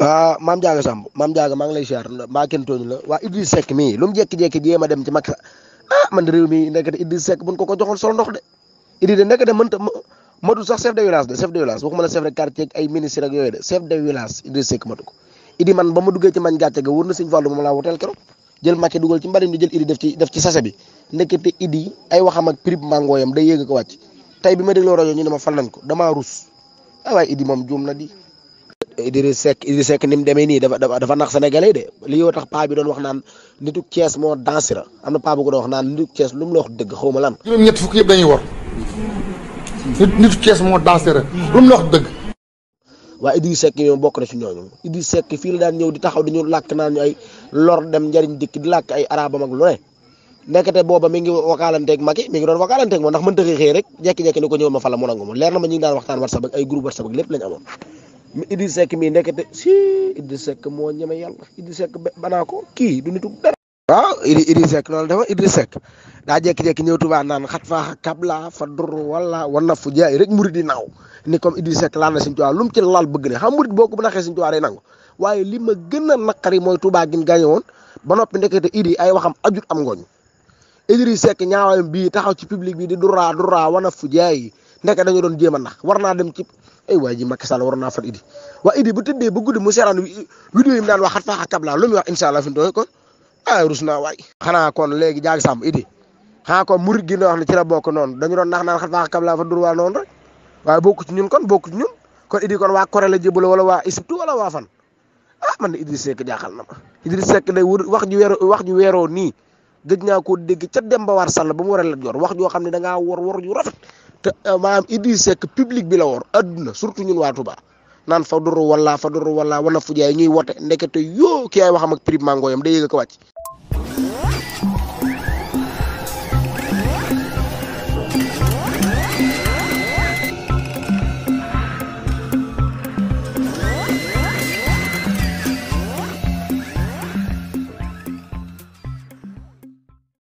ah maam Diaga Samb maam Diaga maa ngi lay siyaar kenn tooñu la waa Idriss Seck mii lu mu jékki-jékki jéem a dem ci Macky ah man réew mi nekk de Idriss Seck buñ ko joxoon sol ndox de Idriss de nekk de mënta matu sax chef de village de chef de village waxuma la chef de quartier ak ay ministre ak yoy de chef de village idi sek matu ko idi man ba ma duggee ci man gàcce ga wourna seigne fallou Fallu la wotel woteel keroog jël màcce dugal ci mbari ni jël idi def ci def ci sase bi nekete idi ay waxam ak prip mangoyam day yéeg ko wacc tay bima deglo dégloo ñu dama fal nañ ko dama rus ah waaye idi mom joom na di idi Seck idi sek nim demee ni dafa dafa nax sénégalais de li yo tax pa bi doon wax naan nitu Thiès mo danser amna pa bu ko doon wax naan nitu Thiès lum mu la wax deug xawma lan ñom ñet fukk yeb dañuy war nit nitu Thiès moo dangereux lu mu wax dëgg waa Idriss Seck ñoom bokk na ci ñooñu Idriss Seck fii la daan ñëw di taxaw dañu làkk naan ñu ay lor dem njariñ dikk di làkk ay arabam ak lu ne nekkate booba mi ngi wakaalanteeg Macky mi ngi doon wakaalanteeg moom ndax mën tëxee xëy rek jekki-jekki ni ko ñëw ma fala mu nangu ma leer na ma ñu daan waxtaan WhatsApp ak ay groupe WhatsApp ak lépp lañ amoon Idriss Seck mii nekkate si Idriss Seck moo ñeme yàlla Idriss Seck banaa ki kii du nitu waaw Idriss Seck loolu dafa Idriss Seck daa jékki-jékki ñëw Touba naan xat faa kabla fa dur wala wala fu jaay rek murid di naaw ni comme Idriss Seck laal na Sëñ Tuubaa lu mu ci laal bëgg ne xam murid boo ko bu naxee Sëñ Tuubaa day nangu waaye li ma gën a naqari mooy Touba gi mu woon ba noppi ndekete Idi ay waxam ajut am ngooñ Idriss Seck ñaawayam bii taxaw ci public bi di duraa duraa wana fu jaay ndeke dañu doon jéem a nax war naa dem ci ay waa ji Macky Sall war naa far Idi waa Idi bu tëddee ba guddi mu seeraan vidéo yi mu daan wax xat faa kabla lu muy wax incha allah fi mu kon ah rus naa waay xanaa kon léegi jaag sàmm idi xanaa kon murit gi na wax ne ci la bokk noonu dañu doon nax naan xa faax kam laa fa durwaa noonu rek waaye bokku ci ñun kon bokku ci ñun kon idi kon waa Corée la jébal wala waa Égypte wala waa fan ah man Idriss Seck jaaxal na ma Idriss sekk day wër wax ji weeroo wax ju weeroo nii gëj naa koo dégg ca Demba War Sall ba mu war a la jor wax joo xam ne da ngaa wor wor ju rafet te eh, maanaam Idriss Seck public bi la wor adduna surtout ñun waa Touba naan fa duru wala fa duru wala wala fu jaay ñuy wote ndekete yoo ki ay waxam ak prix mango yam day yëg ko wàcc.